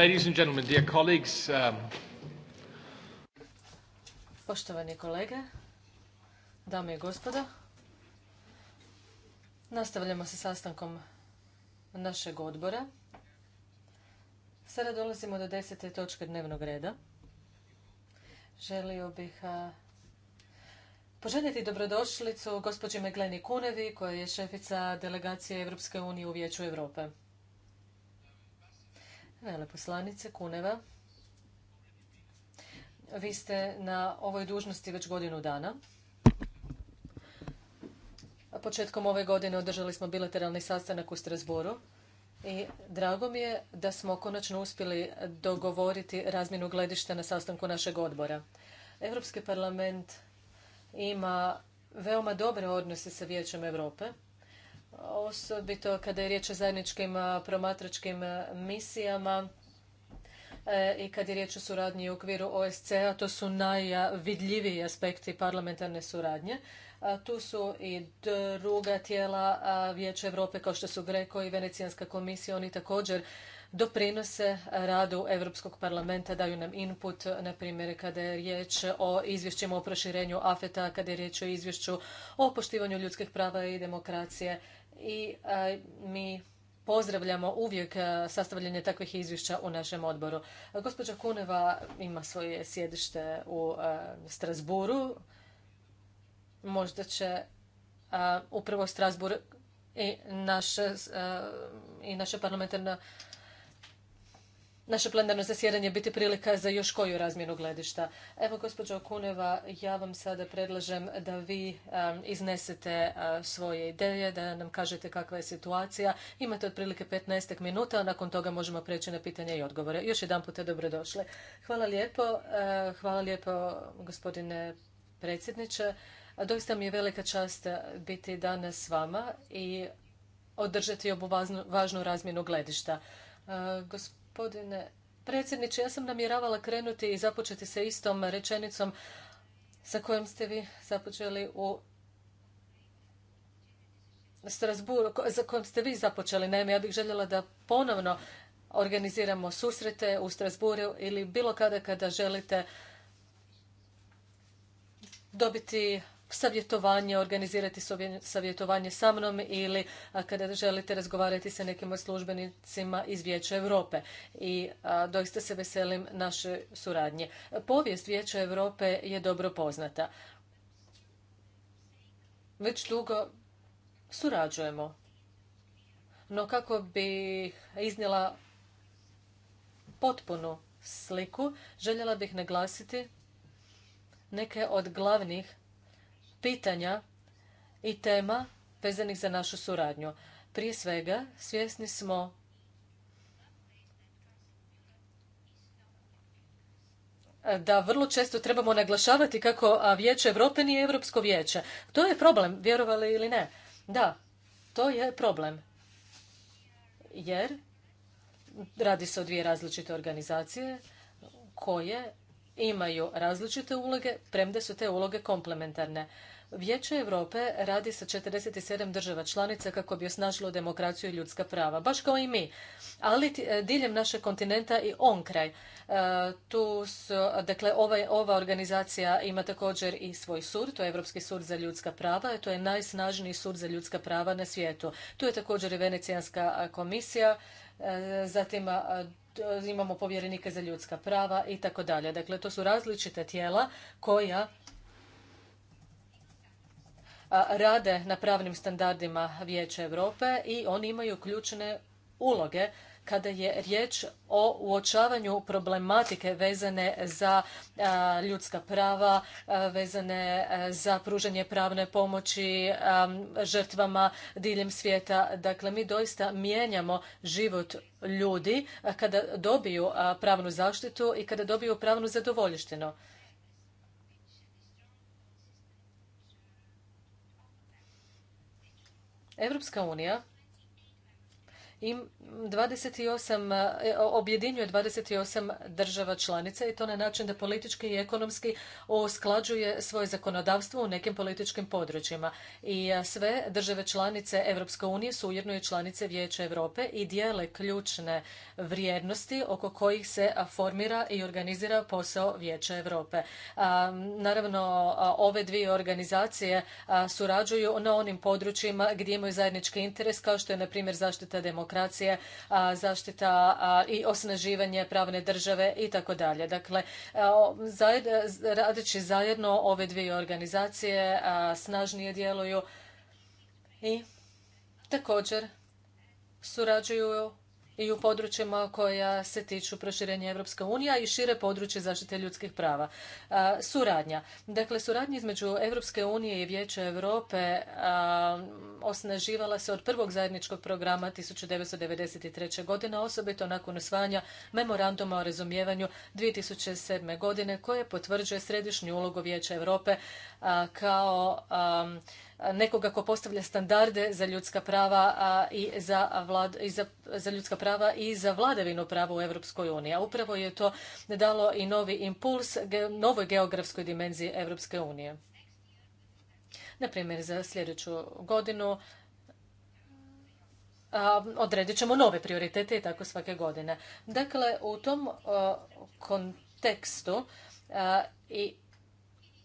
Ladies and gentlemen, dear colleagues. Um, Poštovani kolege, dame i gospodo, nastavljamo sa sastankom našeg odbora. Sada dolazimo do desete točke dnevnog reda. Želio bih a, poželjeti dobrodošlicu gospođi Megleni Kunevi, koja je šefica delegacije Europske unije u Vijeću Europe veleposlanice Kuneva. Vi ste na ovoj dužnosti već godinu dana. Početkom ove godine održali smo bilateralni sastanak u Strasboru i drago mi je da smo konačno uspjeli dogovoriti razmjenu gledišta na sastanku našeg odbora. Europski parlament ima veoma dobre odnose sa Vijećem Europe osobito kada je riječ o zajedničkim promatračkim misijama e, i kad je riječ o suradnji u okviru OSCE-a, to su najvidljiviji aspekti parlamentarne suradnje. tu su i druga tijela Vijeća Europe kao što su Greko i Venecijanska komisija, oni također doprinose radu Europskog parlamenta, daju nam input, na primjer kada je riječ o izvješćima o proširenju AFETA, e kada je riječ o izvješću o poštivanju ljudskih prava i demokracije i e, mi pozdravljamo uvijek e, sastavljanje takvih izvješća u našem odboru. Gospođa Kuneva ima svoje sjedište u e, Strasburu. Možda će upravo Strasbur i naše, i naše parlamentarno naše plenarno zasjedanje biti prilika za još koju razmjenu gledišta. Evo, gospođo Kuneva, ja vam sada predlažem da vi iznesete svoje ideje, da nam kažete kakva je situacija. Imate otprilike 15 minuta, a nakon toga možemo preći na pitanje i odgovore. Još jedan put dobrodošli. Hvala lijepo. Eh, hvala lijepo, gospodine predsjedniče. Doista mi je velika čast biti danas s vama i održati ovu važnu razmjenu gledišta. Eh, gospodine Gospodine predsjedniče, ja sam namjeravala krenuti i započeti sa istom rečenicom sa kojom ste vi započeli u strasbourgu za kojom ste vi započeli. Naime, ja bih željela da ponovno organiziramo susrete u Strasburu ili bilo kada kada želite dobiti savjetovanje, organizirati savjetovanje sa mnom ili kada želite razgovarati sa nekim od službenicima iz Vijeća Europe. I doista se veselim naše suradnje. Povijest Vijeća Europe je dobro poznata. Već dugo surađujemo. No kako bih iznijela potpunu sliku, željela bih naglasiti neke od glavnih pitanja i tema vezanih za našu suradnju. Prije svega, svjesni smo da vrlo često trebamo naglašavati kako Vijeće Evrope nije Europsko vijeće. To je problem, vjerovali ili ne. Da, to je problem. Jer radi se o dvije različite organizacije koje imaju različite uloge, premda su te uloge komplementarne. Vijeće Europe radi sa 47 država članica kako bi osnažilo demokraciju i ljudska prava, baš kao i mi. Ali e, diljem našeg kontinenta i on kraj. E, tu dakle, ova, ova organizacija ima također i svoj sud, to je Europski sud za ljudska prava, to je najsnažniji sud za ljudska prava na svijetu. Tu je također i Venecijanska komisija, e, zatim imamo povjerenike za ljudska prava i tako dalje. Dakle, to su različita tijela koja rade na pravnim standardima Vijeća Europe i oni imaju ključne uloge kada je riječ o uočavanju problematike vezane za ljudska prava, vezane za pružanje pravne pomoći žrtvama diljem svijeta. Dakle, mi doista mijenjamo život ljudi kada dobiju pravnu zaštitu i kada dobiju pravnu zadovoljštinu. Europska unija im 28, e, objedinjuje 28 država članica i to na način da politički i ekonomski usklađuje svoje zakonodavstvo u nekim političkim područjima. I e, sve države članice Europske unije su ujedno i članice Vijeća Europe i dijele ključne vrijednosti oko kojih se formira i organizira posao Vijeća Europe. Naravno, ove dvije organizacije surađuju na onim područjima gdje imaju zajednički interes kao što je na primjer zaštita demokracije demokracije, zaštita i osnaživanje pravne države i tako dalje. Dakle, radeći zajedno ove dvije organizacije snažnije djeluju i također surađuju i u područjima koja se tiču proširenja Europske unije i šire područje zaštite ljudskih prava. Suradnja. Dakle, suradnja između Europske unije i Vijeća Europe osnaživala se od prvog zajedničkog programa 1993. godine, osobito nakon usvajanja memoranduma o razumijevanju 2007. godine koje potvrđuje središnju ulogu Vijeća Europe kao nekoga ko postavlja standarde za ljudska prava i, za, ljudska prava i za vladavinu prava u Europskoj uniji. A upravo je to dalo i novi impuls novoj geografskoj dimenziji Europske unije. Na primjer, za sljedeću godinu odredit ćemo nove prioritete i tako svake godine. Dakle, u tom kontekstu i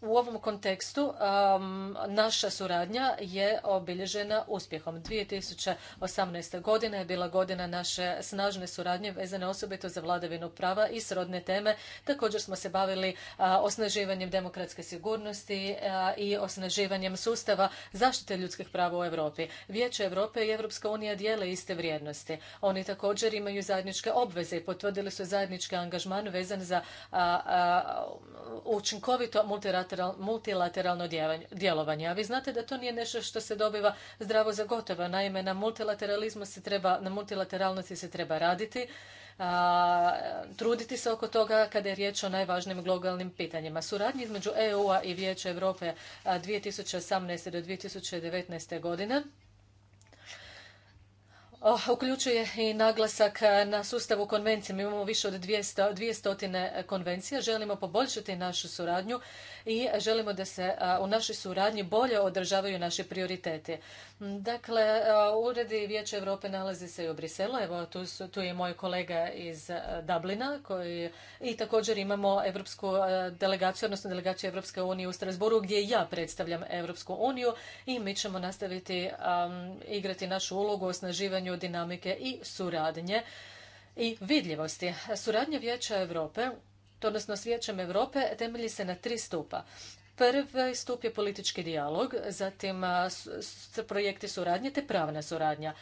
u ovom kontekstu um, naša suradnja je obilježena uspjehom. 2018. godina je bila godina naše snažne suradnje vezane osobito za vladavinu prava i srodne teme. Također smo se bavili osnaživanjem demokratske sigurnosti i osnaživanjem sustava zaštite ljudskih prava u Europi. Vijeće Europe i Europska unija dijele iste vrijednosti. Oni također imaju zajedničke obveze i potvrdili su zajednički angažman vezan za učinkovito multilateralno multilateralno djelovanje. A vi znate da to nije nešto što se dobiva zdravo za gotovo. Naime, na multilateralizmu se treba, na multilateralnosti se treba raditi, a, truditi se oko toga kada je riječ o najvažnijim globalnim pitanjima. Suradnji između EU-a i Vijeća Europe 2018. do 2019. godine Oh, uključuje i naglasak na sustavu konvencije. Mi imamo više od 200, 200 konvencija. Želimo poboljšati našu suradnju i želimo da se u našoj suradnji bolje održavaju naši prioriteti. Dakle, uredi Vijeća Europe nalaze se i u Briselu. Evo, tu, su, tu je moj kolega iz Dublina koji i također imamo Europsku delegaciju, odnosno delegaciju Europske unije u Strasboru gdje ja predstavljam Europsku uniju i mi ćemo nastaviti igrati našu ulogu u osnaživanju dinamike i suradnje i vidljivosti. Suradnja Vijeća Europe odnosno s Vijećem Europe temelji se na tri stupa. Prvi stup je politički dijalog, zatim projekti suradnje te pravna suradnja.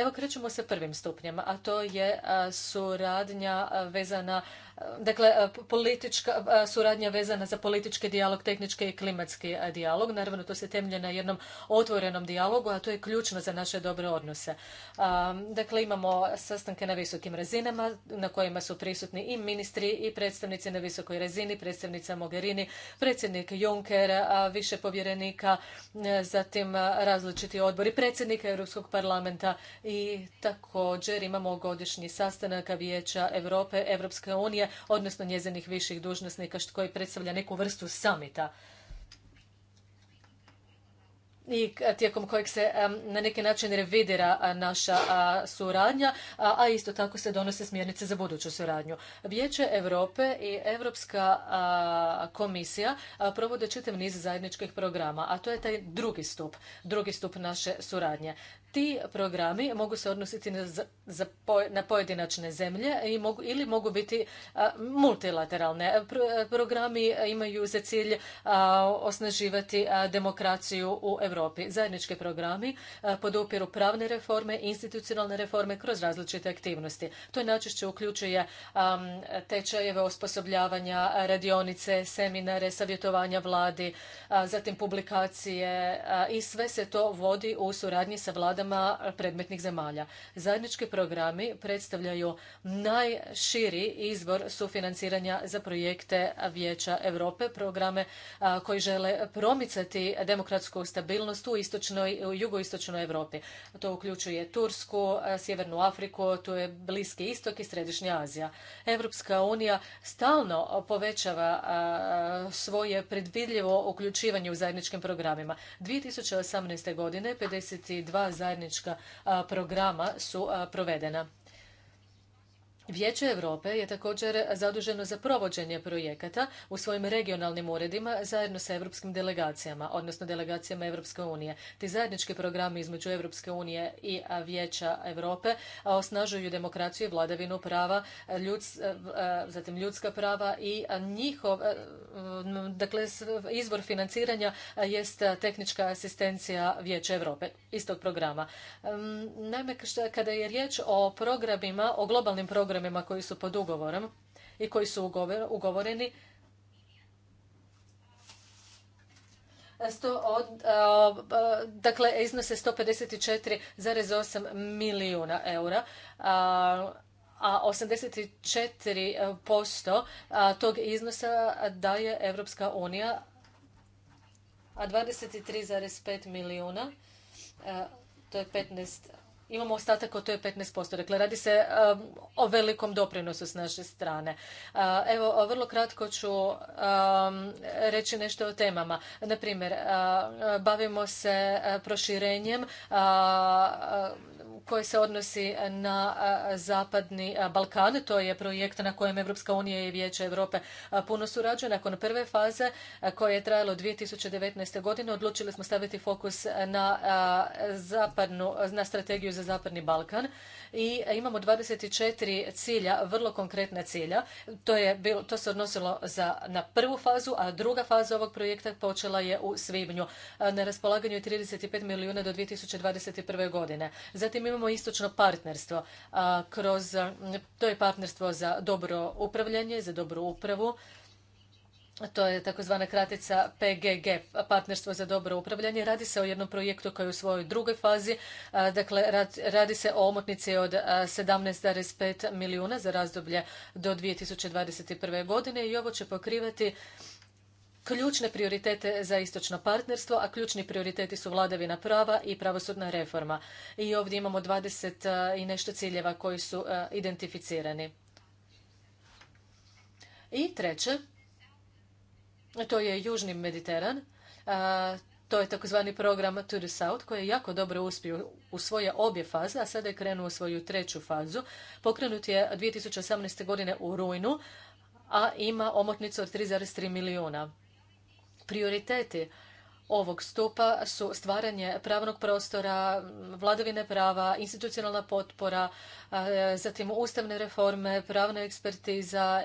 Evo krećemo sa prvim stupnjem, a to je suradnja vezana, dakle politička suradnja vezana za politički dijalog, tehnički i klimatski dijalog. Naravno to se temlje na jednom otvorenom dijalogu, a to je ključno za naše dobre odnose. Dakle imamo sastanke na visokim razinama na kojima su prisutni i ministri i predstavnici na visokoj razini, predstavnica Mogherini, predsjednik Juncker, Juncker, više povjerenika, e, zatim e, različiti odbori predsjednika Europskog parlamenta i također imamo godišnji sastanak Vijeća Europe, Europske unije, odnosno njezinih viših dužnosnika koji predstavlja neku vrstu samita i tijekom kojeg se na neki način revidira naša suradnja, a isto tako se donose smjernice za buduću suradnju. Vijeće Europe i Europska komisija provode čitav niz zajedničkih programa, a to je taj drugi stup, drugi stup naše suradnje ti programi mogu se odnositi na, pojedinačne zemlje i mogu, ili mogu biti multilateralne. programi imaju za cilj osnaživati demokraciju u Europi. Zajednički programi podupiru pravne reforme i institucionalne reforme kroz različite aktivnosti. To je najčešće uključuje tečajeve osposobljavanja, radionice, seminare, savjetovanja vladi, zatim publikacije i sve se to vodi u suradnji sa vladama vladama predmetnih zemalja. Zajednički programi predstavljaju najširi izbor sufinanciranja za projekte Vijeća Europe, programe koji žele promicati demokratsku stabilnost u istočnoj, u jugoistočnoj Europi. To uključuje Tursku, Sjevernu Afriku, tu je Bliski istok i Središnja Azija. Europska unija stalno povećava svoje predvidljivo uključivanje u zajedničkim programima. 2018. godine 52 zajednička programa su provedena. Vijeće Europe je također zaduženo za provođenje projekata u svojim regionalnim uredima zajedno sa europskim delegacijama, odnosno delegacijama Europske unije. Ti zajednički programi između Europske unije i Vijeća Europe osnažuju demokraciju i vladavinu prava, zatim ljudska prava i njihov, dakle izvor financiranja jest tehnička asistencija Vijeća Europe istog programa. Naime, kada je riječ o programima, o globalnim programima programima koji su pod ugovorom i koji su ugovoreni dakle iznose 154,8 milijuna eura, a, 84% tog iznosa daje Evropska unija, a 23,5 milijuna, to je 15 imamo ostatak od to je 15%. Dakle, radi se um, o velikom doprinosu s naše strane. Uh, evo, vrlo kratko ću um, reći nešto o temama. Naprimjer, uh, bavimo se uh, proširenjem koji se odnosi na Zapadni Balkan. To je projekt na kojem Evropska unija i Vijeće Europe puno surađuje. Nakon prve faze koje je trajalo 2019. godine odlučili smo staviti fokus na, zapadnu, na strategiju za Zapadni Balkan i imamo 24 cilja, vrlo konkretna cilja. To, se odnosilo za, na prvu fazu, a druga faza ovog projekta počela je u svibnju. Na raspolaganju je 35 milijuna do 2021. godine. Zatim imamo istočno partnerstvo. kroz, to je partnerstvo za dobro upravljanje, za dobru upravu. To je takozvana kratica PGG, Partnerstvo za dobro upravljanje. Radi se o jednom projektu koji je u svojoj drugoj fazi. Dakle, radi se o omotnici od 17,5 milijuna za razdoblje do 2021. godine i ovo će pokrivati ključne prioritete za istočno partnerstvo, a ključni prioriteti su vladavina prava i pravosudna reforma. I ovdje imamo 20 e, i nešto ciljeva koji su e, identificirani. I treće, to je Južni Mediteran. E, to je takozvani program To the South koji je jako dobro uspio u svoje obje faze, a sada je krenuo u svoju treću fazu. Pokrenut je 2018. godine u rujnu, a ima omotnicu od 3,3 milijuna prioriteti ovog stupa su stvaranje pravnog prostora, vladavine prava, institucionalna potpora, zatim ustavne reforme, pravna ekspertiza,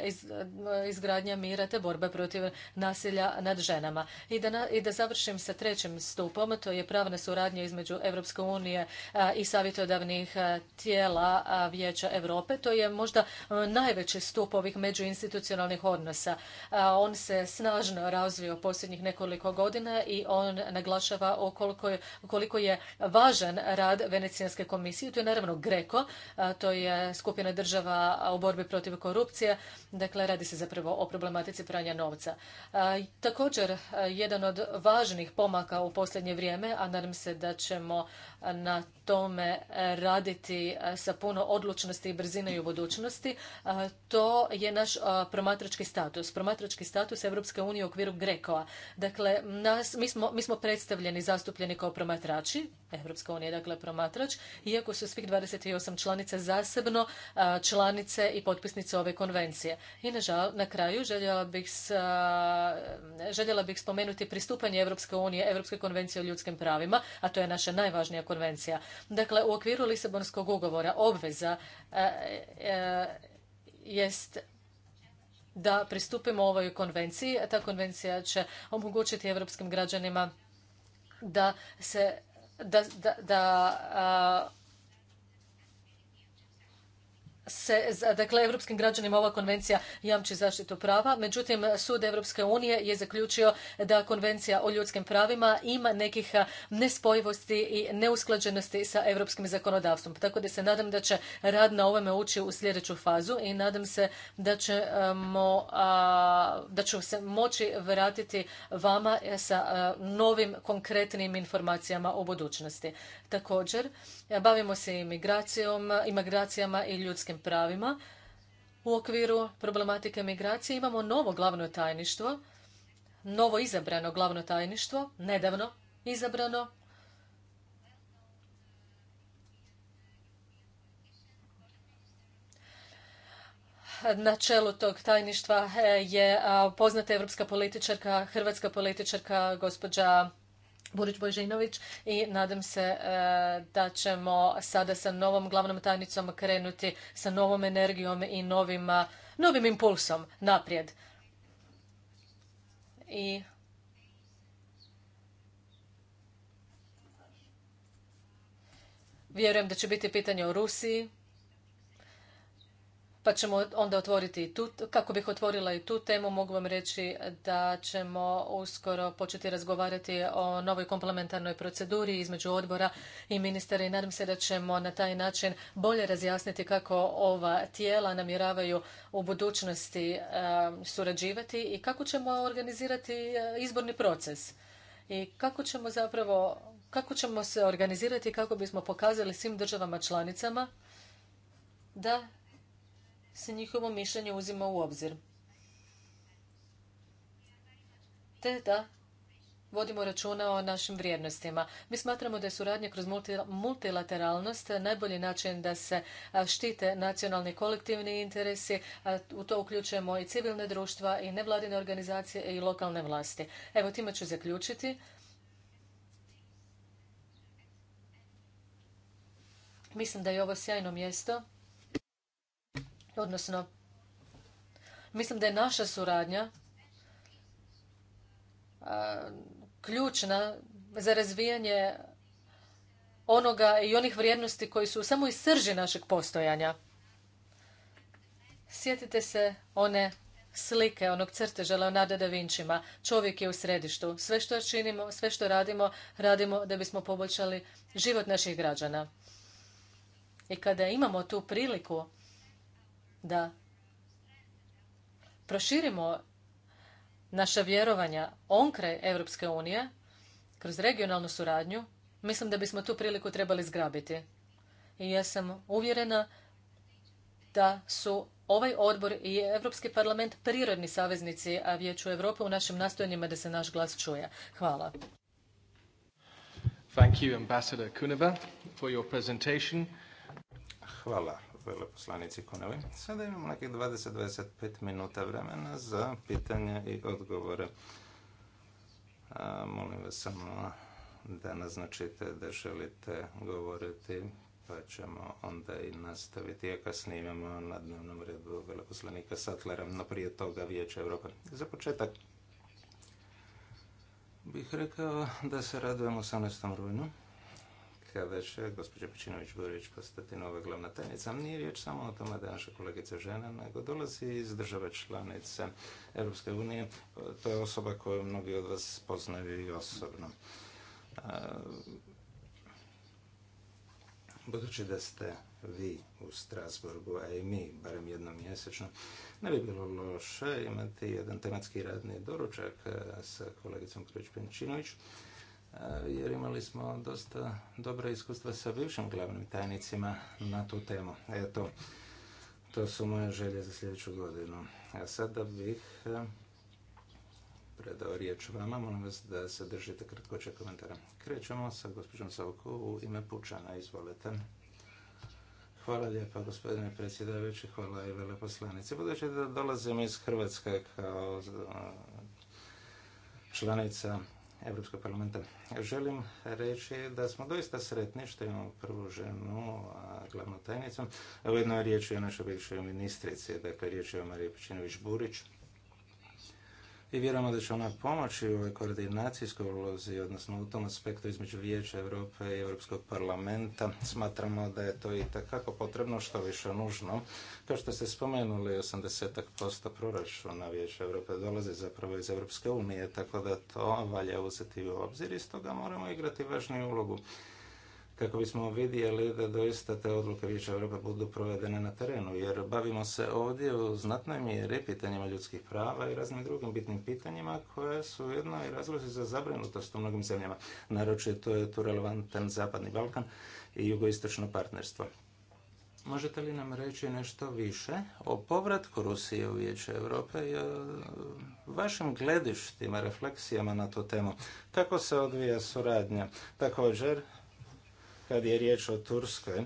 izgradnja mira te borbe protiv nasilja nad ženama. I da, i završim sa trećim stupom, to je pravna suradnja između Europske unije i savjetodavnih tijela Vijeća Europe. To je možda najveći stup ovih međuinstitucionalnih odnosa. On se snažno razvio posljednjih nekoliko godina i on naglašava koliko je važan rad Venecijanske komisije. To je naravno Greko, to je skupina država u borbi protiv korupcije. Dakle, radi se zapravo o problematici pranja novca. Također, jedan od važnih pomaka u posljednje vrijeme, a nadam se da ćemo na tome raditi sa puno odlučnosti i brzine i u budućnosti, to je naš promatrački status. Promatrački status Europske unije u okviru Grekoa. Dakle, mi smo smo, mi smo predstavljeni, zastupljeni kao promatrači, Evropska unija je dakle promatrač, iako su svih 28 članica zasebno članice i potpisnice ove konvencije. I na, na kraju željela bih, spomenuti pristupanje Evropske unije, Evropske konvencije o ljudskim pravima, a to je naša najvažnija konvencija. Dakle, u okviru Lisabonskog ugovora obveza e, e, jest da pristupimo ovoj konvenciji. Ta konvencija će omogućiti europskim građanima da se da, da, da se, dakle, europskim građanima ova konvencija jamči zaštitu prava, međutim, Sud Europske unije je zaključio da konvencija o ljudskim pravima ima nekih nespojivosti i neusklađenosti sa europskim zakonodavstvom. Tako da se nadam da će rad na ovome ući u sljedeću fazu i nadam se da ćemo, da ću se moći vratiti vama sa novim konkretnim informacijama o budućnosti. Također, bavimo se imigracijom, imigracijama i ljudskim pravima. U okviru problematike migracije imamo novo glavno tajništvo, novo izabrano glavno tajništvo, nedavno izabrano. Na čelu tog tajništva eh, je eh, poznata europska političarka, hrvatska političarka gospođa Burić Božinović i nadam se e, da ćemo sada sa novom glavnom tajnicom krenuti sa novom energijom i novim, e, novim impulsom naprijed. I vjerujem da će biti pitanje o Rusiji pa ćemo onda otvoriti i tu, kako bih otvorila i tu temu, mogu vam reći da ćemo uskoro početi razgovarati o novoj komplementarnoj proceduri između odbora i ministara i nadam se da ćemo na taj način bolje razjasniti kako ova tijela namjeravaju u budućnosti e, surađivati i kako ćemo organizirati e, izborni proces i kako ćemo zapravo kako ćemo se organizirati kako bismo pokazali svim državama članicama da se njihovo mišljenje uzima u obzir. Te da vodimo računa o našim vrijednostima. Mi smatramo da je suradnja kroz multilateralnost najbolji način da se štite nacionalni kolektivni interesi. U to uključujemo i civilne društva i nevladine organizacije i lokalne vlasti. Evo, time ću zaključiti. Mislim da je ovo sjajno mjesto Odnosno, mislim da je naša suradnja ključna za razvijanje onoga i onih vrijednosti koji su samo i srži našeg postojanja. Sjetite se one slike, onog crteža Leonarda da Vinčima. Čovjek je u središtu. Sve što činimo, sve što radimo, radimo da bismo poboljšali život naših građana. I kada imamo tu priliku da proširimo naša vjerovanja onkraj Europske unije kroz regionalnu suradnju, mislim da bismo tu priliku trebali zgrabiti. I ja sam uvjerena da su ovaj odbor i Europski parlament prirodni saveznici a Vijeću Europe u našim nastojanjima da se naš glas čuje. Hvala. Thank you, Ambassador Kuneva, for your presentation. Hvala veleposlanici Konevi. Sada imamo nekih 20-25 minuta vremena za pitanja i odgovore. A, molim vas samo da naznačite da želite govoriti, pa ćemo onda i nastaviti. kasnije snimamo na dnevnom redu veleposlanika Sattlera, no prije toga Vijeća Europe. Za početak bih rekao da se radujemo 18. rujnu će gospođa Pečinović Burić postati pa nova glavna tajnica. Nije riječ samo o tome da je naša kolegica žena, nego dolazi iz države članice Europske unije. To je osoba koju mnogi od vas poznaju i osobno. Budući da ste vi u Strasburgu, a i mi, barem jednom mjesečno, ne bi bilo loše imati jedan tematski radni doručak sa kolegicom Krić Pinčinović. Eh, jer imali smo dosta dobra iskustva sa bivšim glavnim tajnicima na tu temu. Eto, to su moje želje za sljedeću godinu. A sada bih eh, predao riječ vama, molim vas da se držite kratkoće komentara. Krećemo sa gospođom Savko u ime Pučana, izvolite. Hvala lijepa gospodine predsjedavajući, hvala i veleposlanici. Budući da dolazim iz Hrvatske kao eh, članica Europskog parlamenta. Želim reći da smo doista sretni što imamo prvu ženu, glavnu tajnicu. Ujedno riječ je o našoj bivšoj ministrici, dakle riječ je o Mariji Pečinović-Burić i vjerujemo da će ona pomoći u ovoj koordinacijskoj ulozi, odnosno u tom aspektu između Vijeća Europe i Europskog parlamenta. Smatramo da je to i takako potrebno, što više nužno. Kao što ste spomenuli, 80% proračuna Vijeća Europe dolazi zapravo iz Europske unije, tako da to valja uzeti u obzir i stoga moramo igrati važniju ulogu kako bismo vidjeli da doista te odluke Vijeća Europe budu provedene na terenu, jer bavimo se ovdje u znatnoj mjeri pitanjima ljudskih prava i raznim drugim bitnim pitanjima koje su jedno i razlozi za zabrinutost u mnogim zemljama. to je tu relevantan Zapadni Balkan i jugoistočno partnerstvo. Možete li nam reći nešto više o povratku Rusije u Vijeće Europe i o vašim gledištima, refleksijama na tu temu? Kako se odvija suradnja? Također, kad je riječ o Turskoj,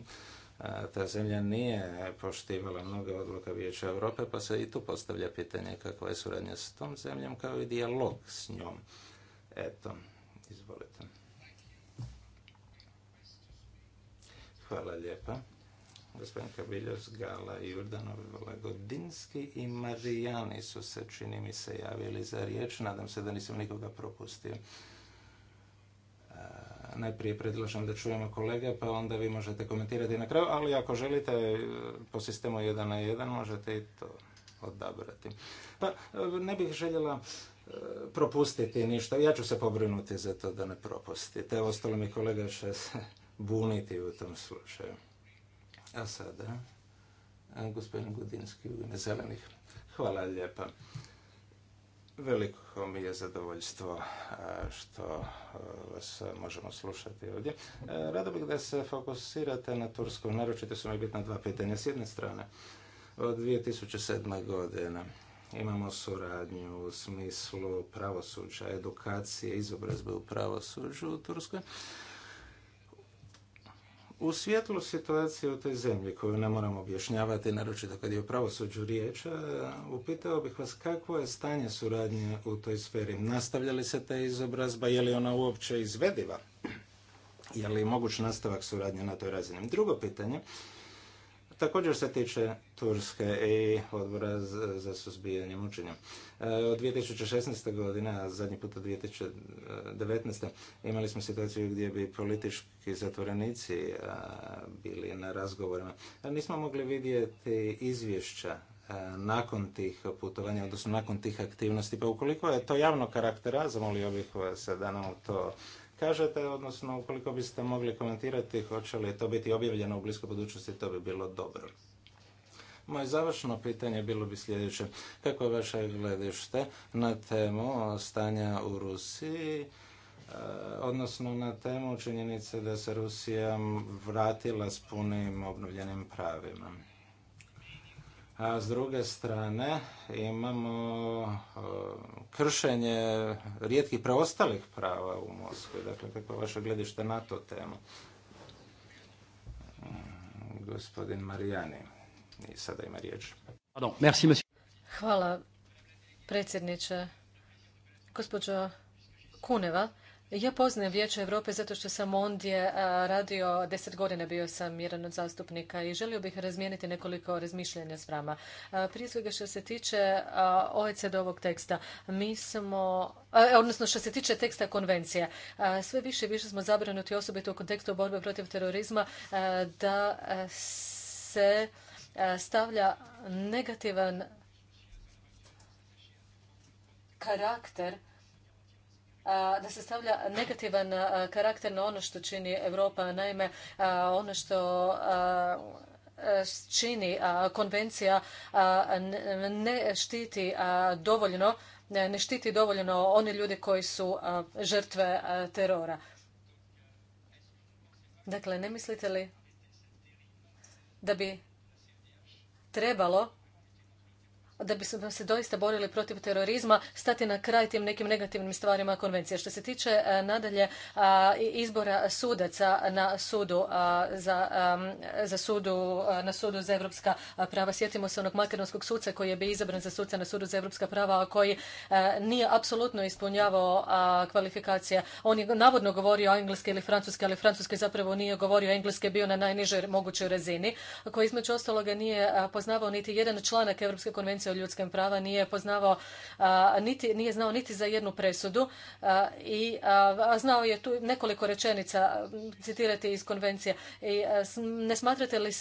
ta zemlja nije poštivala mnoge odluka Vijeća Europe, pa se i tu postavlja pitanje kakva je suradnja s tom zemljom, kao i dijalog s njom. Eto, izvolite. Hvala lijepa. Gospodin Kabiljos, Gala, Jurdanov, Lagodinski i Marijani su se, čini mi se, javili za riječ. Nadam se da nisam nikoga propustio najprije predlažem da čujemo kolege, pa onda vi možete komentirati na kraju, ali ako želite e, po sistemu 1 na 1 možete i to odabrati. Pa e, ne bih željela e, propustiti ništa. Ja ću se pobrinuti za to da ne propustite. Ostalo mi kolega će se buniti u tom slučaju. A sada, gospodin Gudinski u zelenih. Hvala lijepa. Veliko mi je zadovoljstvo što vas možemo slušati ovdje. Rado bih da se fokusirate na Tursku, naročito su mi bitna dva pitanja. S jedne strane, od 2007. godine imamo suradnju u smislu pravosuđa, edukacije, izobrazbe u pravosuđu u Turskoj. U svjetlu situacije u toj zemlji koju ne moram objašnjavati, naročito kad je o pravosuđu riječ, e, upitao bih vas kakvo je stanje suradnje u toj sferi. Nastavlja li se ta izobrazba, je li ona uopće izvediva? Je li moguć nastavak suradnje na toj razini? Drugo pitanje, Također se tiče Turske i odbora za suzbijanje mučenja. E, od 2016. godine, a zadnji put od 2019. imali smo situaciju gdje bi politički zatvorenici e, bili na razgovorima. E, nismo mogli vidjeti izvješća nakon tih putovanja, odnosno nakon tih aktivnosti. Pa ukoliko je to javnog karaktera, zamolio bih vas da nam to kažete, odnosno ukoliko biste mogli komentirati hoće li to biti objavljeno u bliskoj budućnosti, to bi bilo dobro. Moje završno pitanje bilo bi sljedeće. Kako je vaše gledište na temu stanja u Rusiji, e, odnosno na temu činjenice da se Rusija vratila s punim obnovljenim pravima? a s druge strane imamo e, kršenje rijetkih preostalih prava u Moskvi. Dakle, kako je vaše gledište na to temu? Mm, gospodin Marijani, i sada ima riječ. Hvala, predsjedniče. Gospođo Kuneva, ja poznajem Vijeće Europe zato što sam ondje radio deset godina, bio sam jedan od zastupnika i želio bih razmijeniti nekoliko razmišljanja s vama. Prije svega što se tiče OECD-ovog teksta, mi smo, odnosno što se tiče teksta konvencije, sve više i više smo zabrinuti osobito u kontekstu borbe protiv terorizma da se stavlja negativan karakter da se stavlja negativan karakter na ono što čini Europa. Naime, ono što čini konvencija ne štiti dovoljno ne štiti dovoljno one ljude koji su žrtve terora. Dakle, ne mislite li da bi trebalo da bismo se doista borili protiv terorizma, stati na kraj tim nekim negativnim stvarima konvencije. Što se tiče e, nadalje izbora sudaca na sudu za, za sudu, na sudu za europska prava, sjetimo se onog makedonskog suca koji je bio izabran za suca na sudu za europska prava, a koji e, nije apsolutno ispunjavao kvalifikacije. On je navodno govorio engleske ili francuske, ali francuske zapravo nije govorio engleske, bio na najnižoj mogućoj razini, koji između ostaloga nije poznavao niti jedan članak Europske konvencije o ljudskim prava nije poznavao niti, nije znao niti za jednu presudu i znao je tu nekoliko rečenica citirati iz konvencije. I ne smatrate li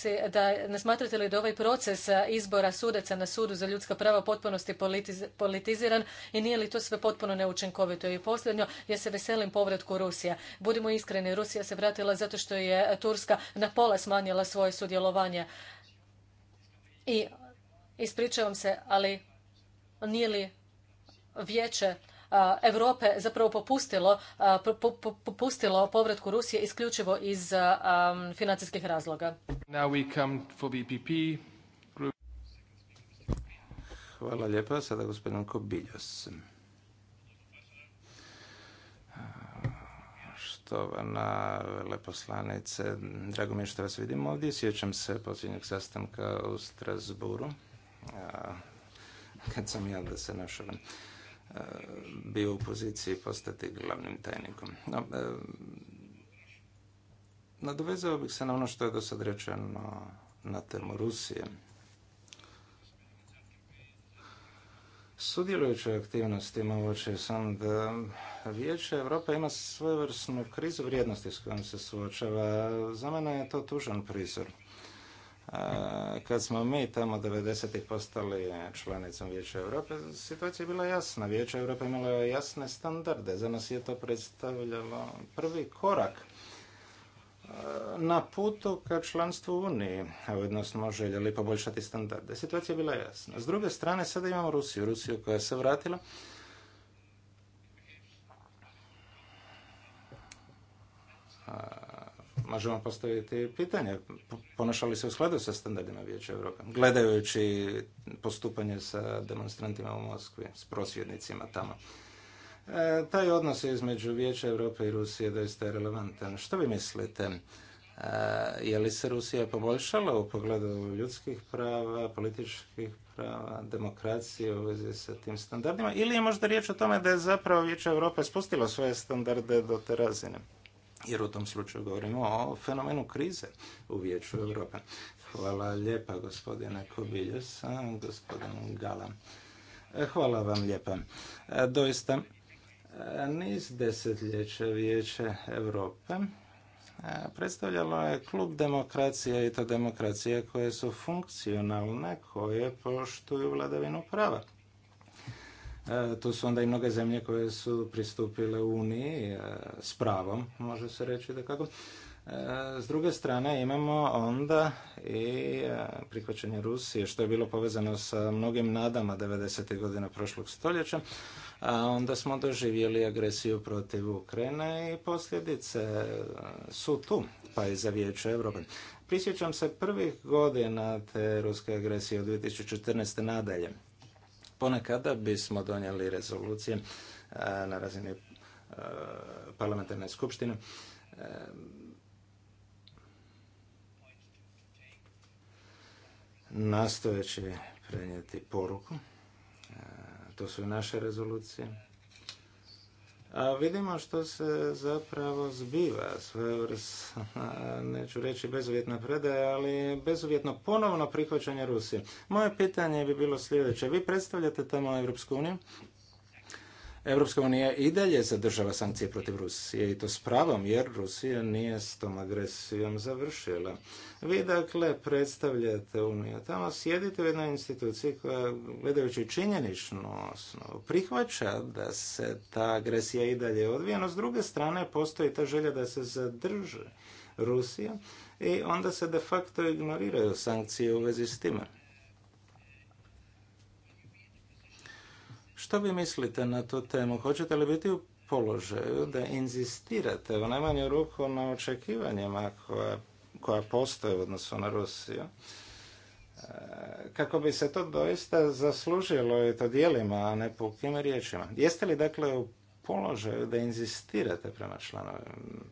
da, ne ovaj proces izbora sudaca na sudu za ljudska prava u potpunosti politiziran i nije li to sve potpuno neučinkovito? I posljednjo, ja se veselim povratku Rusija. Budimo iskreni, Rusija se vratila zato što je Turska na pola smanjila svoje sudjelovanje. I Ispričavam se, ali nije li vijeće Europe zapravo popustilo, popustilo povratku Rusije isključivo iz financijskih razloga. Now Hvala lijepa. Sada gospodin Kobiljos. Štovana veleposlanice, drago mi je što vas vidim ovdje. Sjećam se posljednjeg sastanka u Strasburu kad sam ja da se našao e, bio u poziciji postati glavnim tajnikom. E, nadovezao bih se na ono što je do sad rečeno na temu Rusije. Sudjelujući u aktivnostima uočio sam da Vijeće Europe ima svojevrsnu krizu vrijednosti s kojom se suočava. Za mene je to tužan prizor kad smo mi tamo 90. postali članicom Vijeća Europe, situacija je bila jasna. Vijeće Europe imalo je jasne standarde. Za nas je to predstavljalo prvi korak na putu ka članstvu Uniji, a ujedno smo željeli poboljšati standarde. Situacija je bila jasna. S druge strane, sada imamo Rusiju, Rusiju koja se vratila možemo postaviti pitanje ponašali se u skladu sa standardima Vijeća Europe, gledajući postupanje sa demonstrantima u Moskvi, s prosvjednicima tamo. E, taj odnos između Vijeća Europe i Rusije doista je relevantan. Što vi mislite? E, je li se Rusija poboljšala u pogledu ljudskih prava, političkih prava, demokracije u vezi sa tim standardima? Ili je možda riječ o tome da je zapravo Vijeće Europe spustilo svoje standarde do te razine? jer u tom slučaju govorimo o fenomenu krize u Vijeću Europe. Hvala lijepa gospodine Kobiljes, gospodin Gala. E, hvala vam lijepa. E, doista, e, niz desetljeća Vijeće Europe predstavljalo je klub demokracija i to demokracije koje su funkcionalne, koje poštuju vladavinu prava. E, tu su onda i mnoge zemlje koje su pristupile Uniji e, s pravom, može se reći da kako. E, s druge strane imamo onda i prihvaćanje Rusije što je bilo povezano sa mnogim nadama 90. godina prošlog stoljeća, a onda smo doživjeli agresiju protiv Ukrajine i posljedice su tu, pa i za Vijeće Europe. Prisjećam se prvih godina te ruske agresije od 2014. nadalje ponekada bismo donijeli rezolucije e, na razini e, parlamentarne skupštine. E, nastojeći prenijeti poruku. To su i naše rezolucije. A vidimo što se zapravo zbiva neću reći bezuvjetna predaja, ali bezuvjetno ponovno prihvaćanje Rusije. Moje pitanje bi bilo sljedeće. Vi predstavljate tamo Europsku uniju, Europska unija i dalje zadržava sankcije protiv Rusije i to s pravom jer Rusija nije s tom agresijom završila. Vi dakle predstavljate Uniju, tamo sjedite u jednoj instituciji koja gledajući činjeničnu osnovu prihvaća da se ta agresija i dalje odvija, no s druge strane postoji ta želja da se zadrži Rusija i onda se de facto ignoriraju sankcije u vezi s time. Što vi mislite na tu temu? Hoćete li biti u položaju da inzistirate u najmanju ruku na očekivanjima koja, koja postoje u odnosu na Rusiju? E, kako bi se to doista zaslužilo i to dijelima, a ne po pukim riječima. Jeste li dakle u položaju da inzistirate prema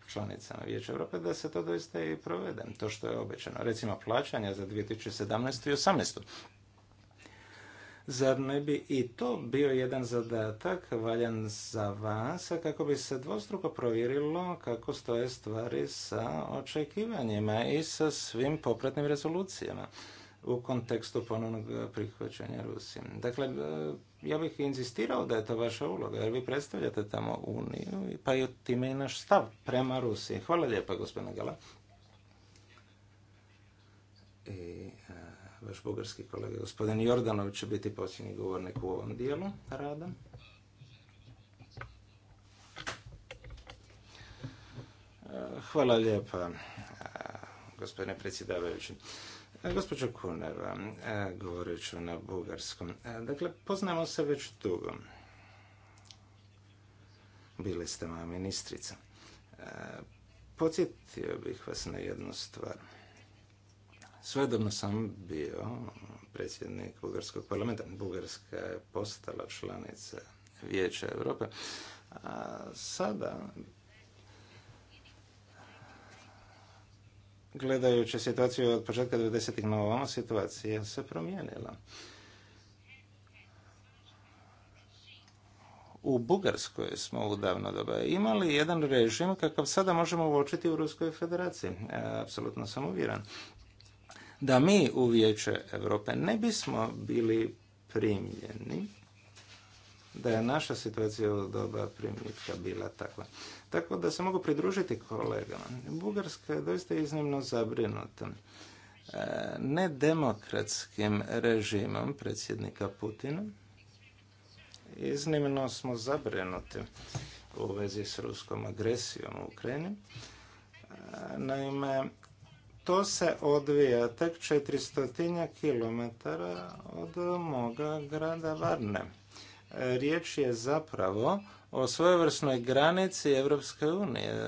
članicama Vijeća Europe da se to doista i provede, to što je obećano, recimo plaćanja za 2017. i 2018. Zar ne bi i to bio jedan zadatak valjan za vas, kako bi se dvostruko provjerilo kako stoje stvari sa očekivanjima i sa svim popratnim rezolucijama u kontekstu ponovnog prihvaćanja Rusije. Dakle, e, ja bih inzistirao da je to vaša uloga, jer vi predstavljate tamo Uniju, pa i time i naš stav prema Rusiji. Hvala lijepa, gospodine Gala. E, vaš bugarski kolega, gospodin Jordanović će biti posljednji govornik u ovom dijelu rada. Hvala lijepa, e, gospodine predsjedavajući. E, gospođo Kuneva, e, govorit ću na bugarskom. Dakle, poznamo se već dugo. Bili ste moja ministrica. Podsjetio bih vas na jednu stvar. Svedobno sam bio predsjednik Bugarskog parlamenta. Bugarska je postala članica Vijeća Europe. A sada gledajući situaciju od početka 90-ih na ovamo, situacija se promijenila. U Bugarskoj smo u davno doba imali jedan režim kakav sada možemo uočiti u Ruskoj federaciji. E, apsolutno sam uvjeren da mi u Vijeće Europe ne bismo bili primljeni, da je naša situacija u doba primljivka bila takva. Tako da se mogu pridružiti kolegama. Bugarska je doista iznimno zabrinuta e, nedemokratskim režimom predsjednika Putina. Iznimno smo zabrinuti u vezi s ruskom agresijom u Ukrajini. E, naime, to se odvija tek 400 kilometara od moga grada Varne. Riječ je zapravo o svojevrsnoj granici Evropske unije.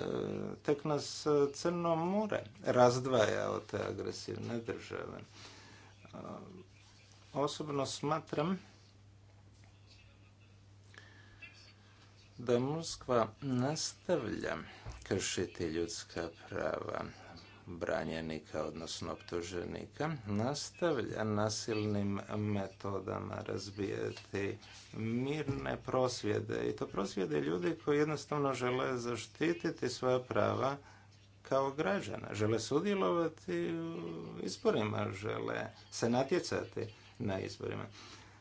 Tek nas Crno more razdvaja od te agresivne države. Osobno smatram da Moskva nastavlja kršiti ljudska prava branjenika, odnosno optuženika, nastavlja nasilnim metodama razbijati mirne prosvjede. I to prosvjede ljudi koji jednostavno žele zaštititi svoja prava kao građana. Žele sudjelovati u izborima, žele se natjecati na izborima.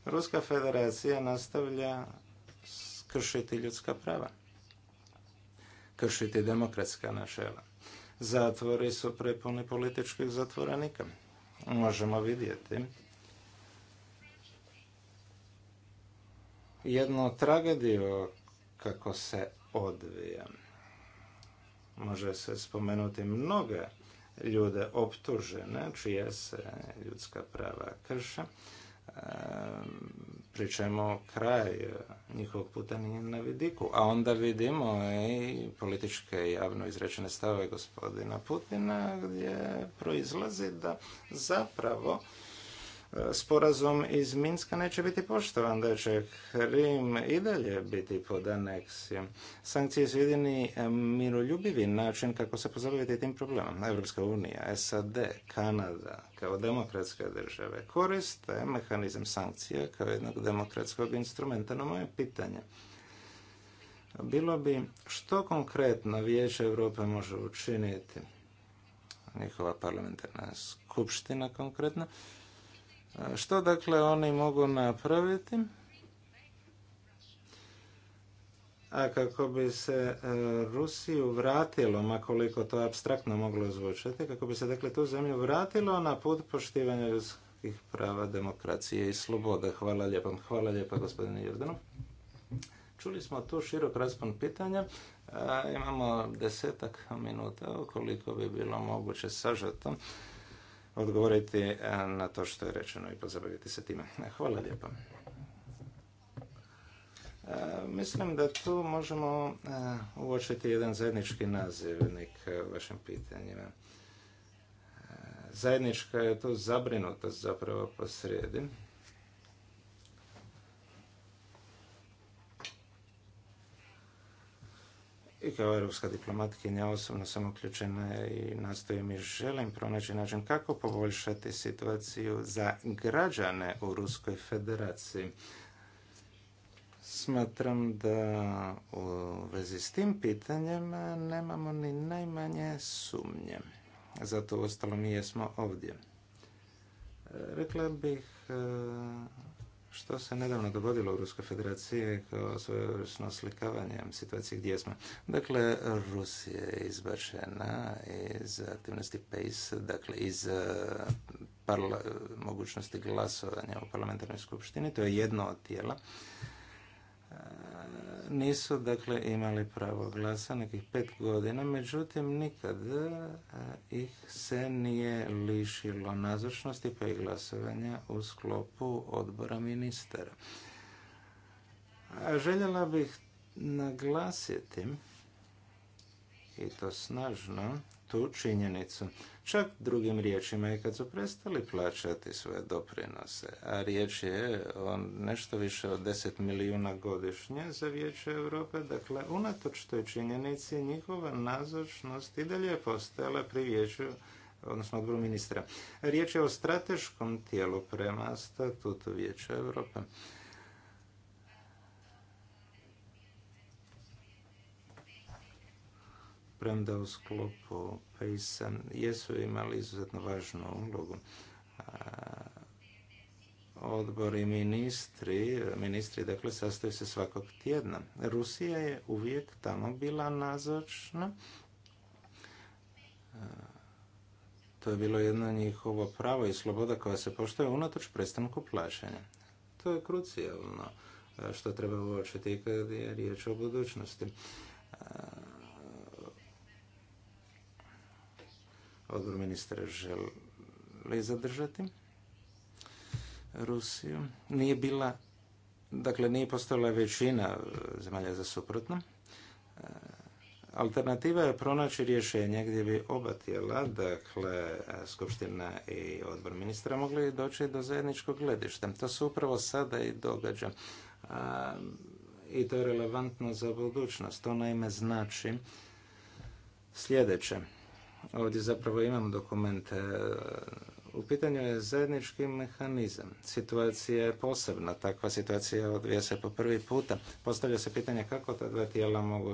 Ruska federacija nastavlja kršiti ljudska prava, kršiti demokratska načela zatvori su prepuni političkih zatvorenika. Možemo vidjeti. Jednu tragediju kako se odvija. Može se spomenuti mnoge ljude optužene, čije se ljudska prava krše pri kraj eh, njihovog puta nije na vidiku. A onda vidimo i političke javno izrečene stave gospodina Putina gdje proizlazi da zapravo sporazum iz Minska neće biti poštovan, da će Krim i dalje biti pod aneksijom. Sankcije su jedini e, miroljubivi način kako se pozabaviti tim problemom. Evropska unija, SAD, Kanada kao demokratske države koriste mehanizam sankcija kao jednog demokratskog instrumenta. Na moje pitanje bilo bi što konkretno Vijeće Europe može učiniti njihova parlamentarna skupština konkretno, što dakle oni mogu napraviti? A kako bi se e, Rusiju vratilo, makoliko to abstraktno moglo zvučati, kako bi se dakle tu zemlju vratilo na put poštivanja ljudskih prava, demokracije i slobode. Hvala lijepa. Hvala lijepa gospodine Čuli smo tu širok raspon pitanja. E, imamo desetak minuta, koliko bi bilo moguće sažeto odgovoriti eh, na to što je rečeno i pozabaviti se time. Hvala lijepo. Eh, mislim da tu možemo eh, uočiti jedan zajednički nazivnik vašim pitanjima. Zajednička je tu zabrinutost zapravo po sredi. i kao europska diplomatkinja osobno sam uključena i nastojim i želim pronaći način kako poboljšati situaciju za građane u Ruskoj federaciji. Smatram da u vezi s tim pitanjem nemamo ni najmanje sumnje. Zato ostalo i jesmo ovdje. Rekla bih što se nedavno dogodilo u Ruskoj federaciji kao svojevrsno slikavanje situacije gdje smo. Dakle, Rusija je izbačena iz aktivnosti PACE, dakle iz eh, mogućnosti glasovanja u parlamentarnoj skupštini. To je jedno od tijela nisu dakle imali pravo glasa nekih pet godina, međutim nikad e, ih se nije lišilo nazočnosti pa i glasovanja u sklopu odbora ministara. Željela bih naglasiti i to snažno tu činjenicu. Čak drugim riječima i kad su prestali plaćati svoje doprinose, a riječ je o nešto više od 10 milijuna godišnje za Vijeće Europe, dakle, unatoč toj činjenici njihova nazočnost i dalje je postojala pri Vijeću odnosno odboru ministra. Riječ je o strateškom tijelu prema statutu Vijeća Europe. premda u sklopu jesu imali izuzetno važnu ulogu. Odbor i ministri, ministri dakle sastoji se svakog tjedna. Rusija je uvijek tamo bila nazočna. To je bilo jedno njihovo pravo i sloboda koja se poštuje unatoč prestanku plaćanja. To je krucijalno što treba uočiti kad je riječ o budućnosti. Odbor ministra želi zadržati Rusiju. Nije bila, dakle nije postojala većina zemalja za suprotno. E, alternativa je pronaći rješenje gdje bi oba tijela, dakle Skupština i odbor ministra, mogli doći do zajedničkog gledišta. To se upravo sada i događa. E, I to je relevantno za budućnost. To naime znači sljedeće. Ovdje zapravo imam dokumente. U pitanju je zajednički mehanizam. Situacija je posebna. Takva situacija odvija se po prvi puta. Postavlja se pitanje kako ta dva tijela mogu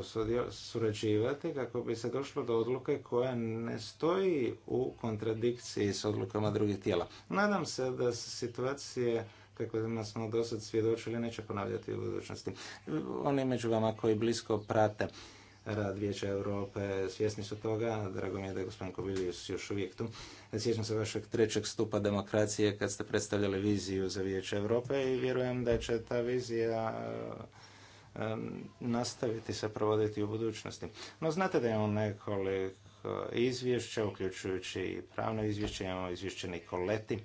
surađivati kako bi se došlo do odluke koja ne stoji u kontradikciji s odlukama drugih tijela. Nadam se da se situacije kako smo dosad svjedočili, neće ponavljati u budućnosti. Oni među vama koji blisko prate rad Vijeća Europe, svjesni su toga, drago mi je da je gospodin Kobilius još uvijek tu. Sjećam se vašeg trećeg stupa demokracije kad ste predstavljali viziju za Vijeće Europe i vjerujem da će ta vizija nastaviti se provoditi u budućnosti. No znate da imamo nekoliko izvješća, uključujući i pravno izvješće, imamo izvješće Nikoleti,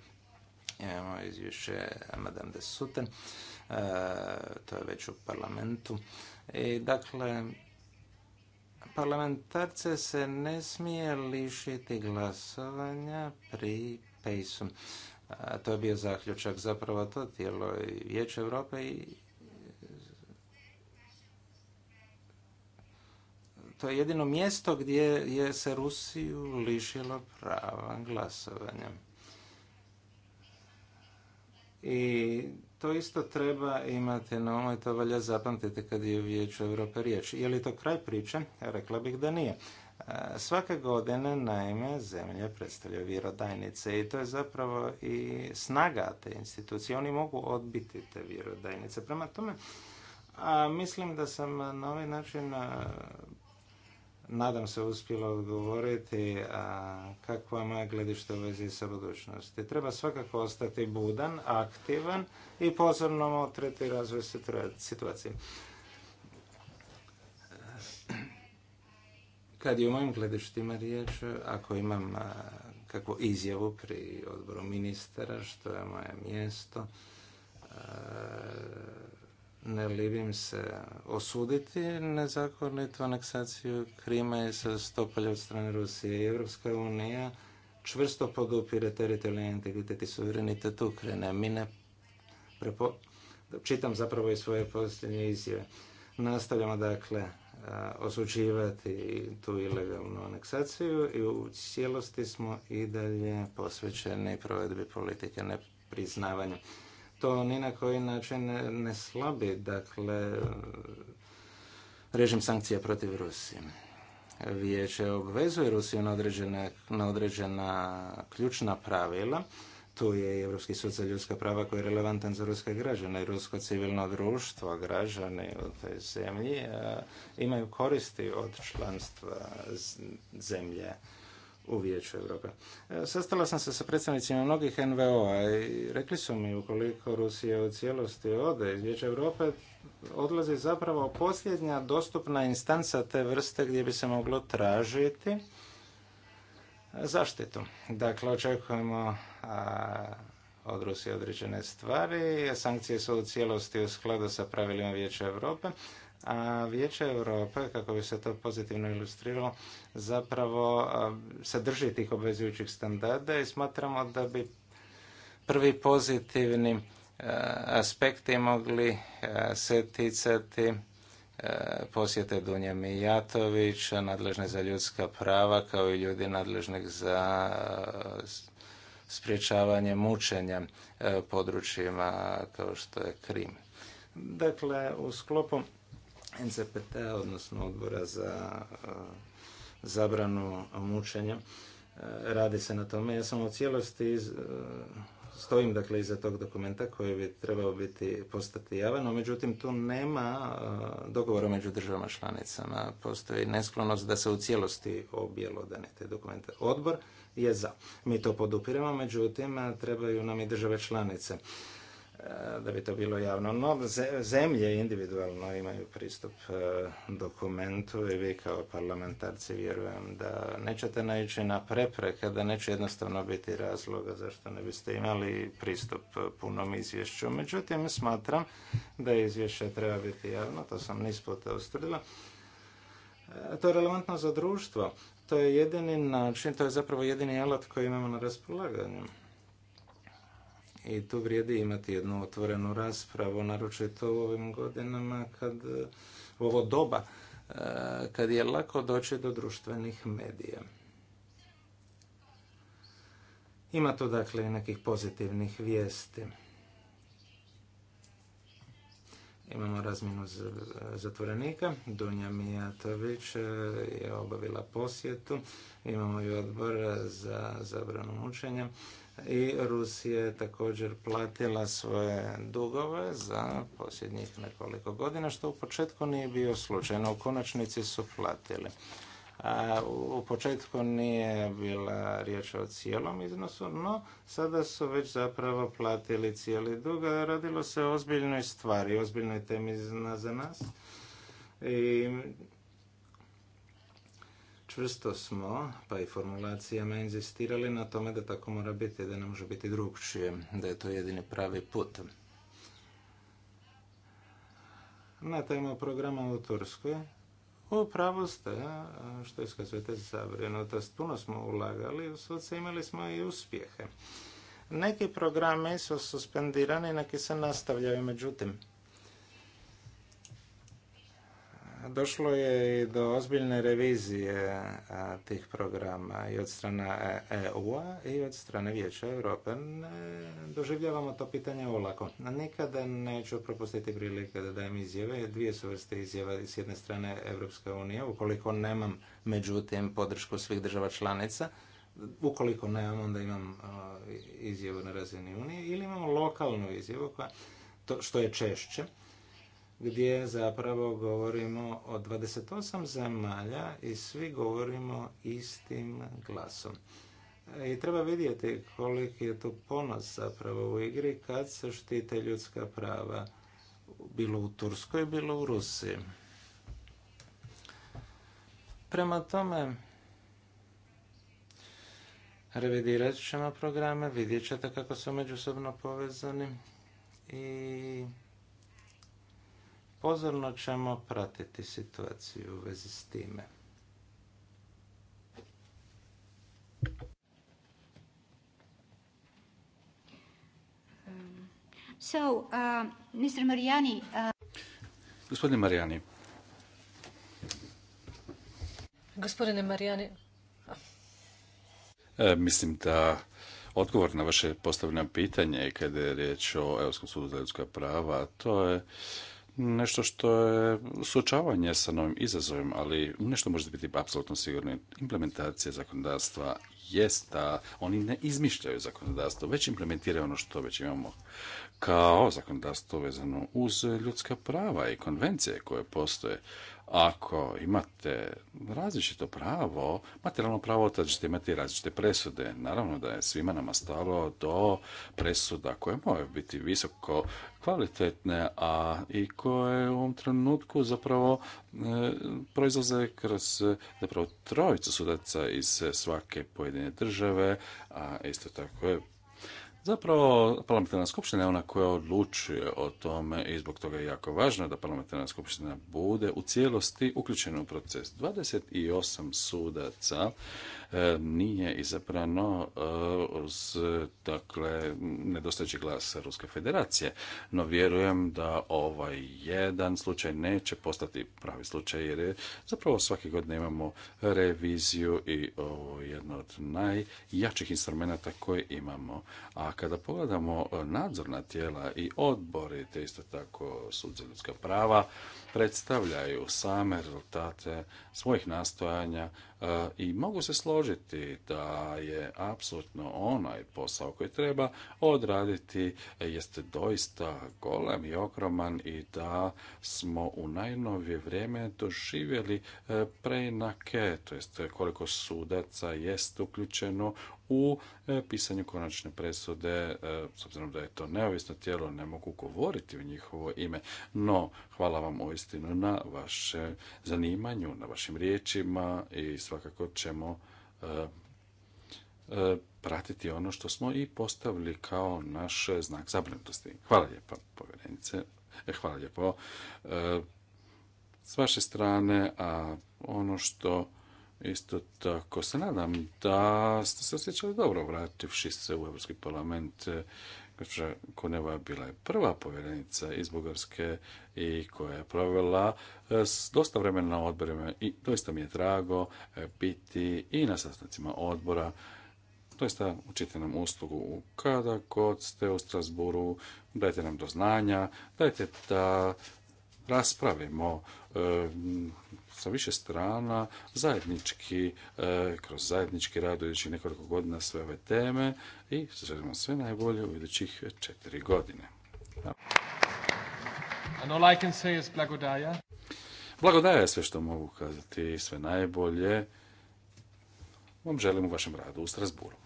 imamo izvješće Madame de Suten, e, to je već u parlamentu. I dakle, parlamentarce se ne smije lišiti glasovanja pri paisu. u to je bio zaključak. Zapravo to tijelo Vijeće Europe i to je jedino mjesto gdje je se Rusiju lišilo prava glasovanja. I to isto treba imati na umu i to valja zapamtiti kad je u Vijeću Europe riječ. Je li to kraj priče? Rekla bih da nije. E, svake godine, naime, zemlje predstavljaju vjerodajnice i to je zapravo i snaga te institucije. Oni mogu odbiti te vjerodajnice. Prema tome, a mislim da sam na ovaj način e, nadam se uspjelo odgovoriti a, kakvo je moje gledište u vezi sa budućnosti. Treba svakako ostati budan, aktivan i pozorno treti razvoj situacije. Kad je u mojim gledištima riječ, ako imam kakvu izjavu pri odboru ministara, što je moje mjesto, ne libim se osuditi nezakonitu aneksaciju Krima i sa stopalja od strane Rusije. i Evropska unija čvrsto podupire teritorijalni integritet i suverenitet Ukrajine. Mi ne prepo... Čitam zapravo i svoje posljednje izjave. Nastavljamo dakle osuđivati tu ilegalnu aneksaciju i u cijelosti smo i dalje posvećeni provedbi politike nepriznavanja to ni na koji način ne slabi, dakle, režim sankcija protiv Rusije. Vijeće obvezuje Rusiju na, određene, na određena ključna pravila. Tu je i Europski sud za ljudska prava koji je relevantan za ruske građane i rusko civilno društvo, građani u toj zemlji eh, imaju koristi od članstva zemlje u Vijeću Europe. E, sastala sam se sa predstavnicima mnogih NVO-a i rekli su mi ukoliko Rusija u cijelosti ode iz Vijeća Europe, odlazi zapravo posljednja dostupna instanca te vrste gdje bi se moglo tražiti zaštitu. Dakle, očekujemo od Rusije određene stvari. Sankcije su u cijelosti u skladu sa pravilima Vijeća Europe a Vijeće Europe, kako bi se to pozitivno ilustriralo, zapravo sadrži tih obvezujućih standarda i smatramo da bi prvi pozitivni e, aspekti mogli e, se ticati e, posjete Dunja Mijatović, nadležne za ljudska prava, kao i ljudi nadležnih za sprječavanje mučenja područjima kao što je Krim. Dakle, u sklopu NCPT, odnosno odbora za e, zabranu mučenja. E, radi se na tome. Ja sam u cijelosti e, stojim dakle iza tog dokumenta koji bi trebao biti postati javan, no međutim tu nema dogovora među državama članicama. Postoji nesklonost da se u cijelosti objelodane te dokumente. Odbor je za. Mi to podupiramo, međutim trebaju nam i države članice da bi to bilo javno. No, zemlje individualno imaju pristup e, dokumentu i vi kao parlamentarci vjerujem da nećete naići na prepreke, da neće jednostavno biti razloga zašto ne biste imali pristup punom izvješću. Međutim, smatram da izvješće treba biti javno, to sam niz puta e, To je relevantno za društvo. To je jedini način, to je zapravo jedini alat koji imamo na raspolaganju i tu vrijedi imati jednu otvorenu raspravu, naročito u ovim godinama kad, u ovo doba, e, kad je lako doći do društvenih medija. Ima tu dakle i nekih pozitivnih vijesti. Imamo razminu zatvorenika. Dunja Mijatović e, je obavila posjetu. Imamo i odbor za zabranu mučenja i Rusija je također platila svoje dugove za posljednjih nekoliko godina, što u početku nije bio slučaj, u konačnici su platili. A u početku nije bila riječ o cijelom iznosu, no sada su već zapravo platili cijeli dug, a radilo se o ozbiljnoj stvari, ozbiljnoj temi za nas. I Čvrsto smo, pa i formulacijama, inzistirali na tome da tako mora biti, da ne može biti drugčije, da je to jedini pravi put. Na temu programa u Turskoj, upravo ste, što iskazujete zabrinutost, puno smo ulagali u suce, imali smo i uspjehe. Neki programe su suspendirani, neki se nastavljaju, međutim, došlo je i do ozbiljne revizije tih programa i od strane EU-a e i od strane Vijeća Europe. E, doživljavamo to pitanje olako. Nikada neću propustiti prilike da dajem izjave. Dvije su vrste izjava s jedne strane Europske unija, Ukoliko nemam, međutim, podršku svih država članica, ukoliko nemam, onda imam izjavu na razini Unije ili imamo lokalnu izjavu što je češće gdje zapravo govorimo o 28 zemalja i svi govorimo istim glasom. E, I treba vidjeti koliki je to ponos zapravo u igri kad se štite ljudska prava, bilo u Turskoj, bilo u Rusiji. Prema tome, revidirat ćemo programe, vidjet ćete kako su međusobno povezani i Pozorno ćemo pratiti situaciju u vezi s time. Uh, uh, Gospodine Marijani. Gospodine Marijani... E, mislim da odgovor na vaše postavljeno pitanje kada je riječ o Europskom sudu za ljudska prava, to je nešto što je suočavanje sa novim izazovom ali nešto možete biti apsolutno sigurno. Implementacija zakonodavstva jest da oni ne izmišljaju zakonodavstvo, već implementiraju ono što već imamo kao zakonodavstvo vezano uz ljudska prava i konvencije koje postoje. Ako imate različito pravo, materijalno pravo, tad ćete imati različite presude. Naravno da je svima nama stalo do presuda koje moraju biti visoko kvalitetne, a i koje u ovom trenutku zapravo e, proizlaze kroz zapravo trojicu sudaca iz svake pojedine države, a isto tako je Zapravo, parlamentarna skupština je ona koja odlučuje o tome i zbog toga je jako važno da parlamentarna skupština bude u cijelosti uključena u proces. 28 sudaca E, nije izabrano e, uz dakle, nedostajući glas Ruske federacije. No vjerujem da ovaj jedan slučaj neće postati pravi slučaj jer je zapravo svake godine imamo reviziju i ovo jedno od najjačih instrumenta koje imamo. A kada pogledamo nadzorna tijela i odbori, te isto tako sud za ljudska prava, predstavljaju same rezultate svojih nastojanja e, i mogu se složiti da je apsolutno onaj posao koji treba odraditi e, jeste doista golem i ogroman i da smo u najnovije vrijeme doživjeli e, preinake, to jest koliko sudaca jest uključeno u e, pisanju konačne presude, e, s obzirom da je to neovisno tijelo, ne mogu govoriti u njihovo ime, no hvala vam uistinu na vašem zanimanju, na vašim riječima i svakako ćemo e, pratiti ono što smo i postavili kao naš znak zabrinutosti. Hvala lijepa, povjerenice. Hvala lijepo s vaše strane, a ono što Isto tako se nadam da ste se osjećali dobro vrativši se u Europski parlament. E, gospođa Koneva bila je prva povjerenica iz Bugarske i koja je provela e, dosta vremena na odborima i doista mi je drago e, biti i na sastancima odbora doista učite nam uslugu kada god ste u Strasburu, dajte nam do znanja, dajte da raspravimo eh, sa više strana zajednički, eh, kroz zajednički rad u idućih nekoliko godina sve ove teme i želimo sve najbolje u idućih četiri godine. Blagodaja je sve što mogu kazati, sve najbolje. Vam želim u vašem radu u Strasburu.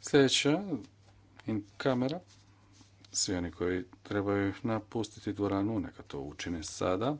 Sljedeća in kamera. Svi oni koji trebaju napustiti dvoranu, neka to učine sada.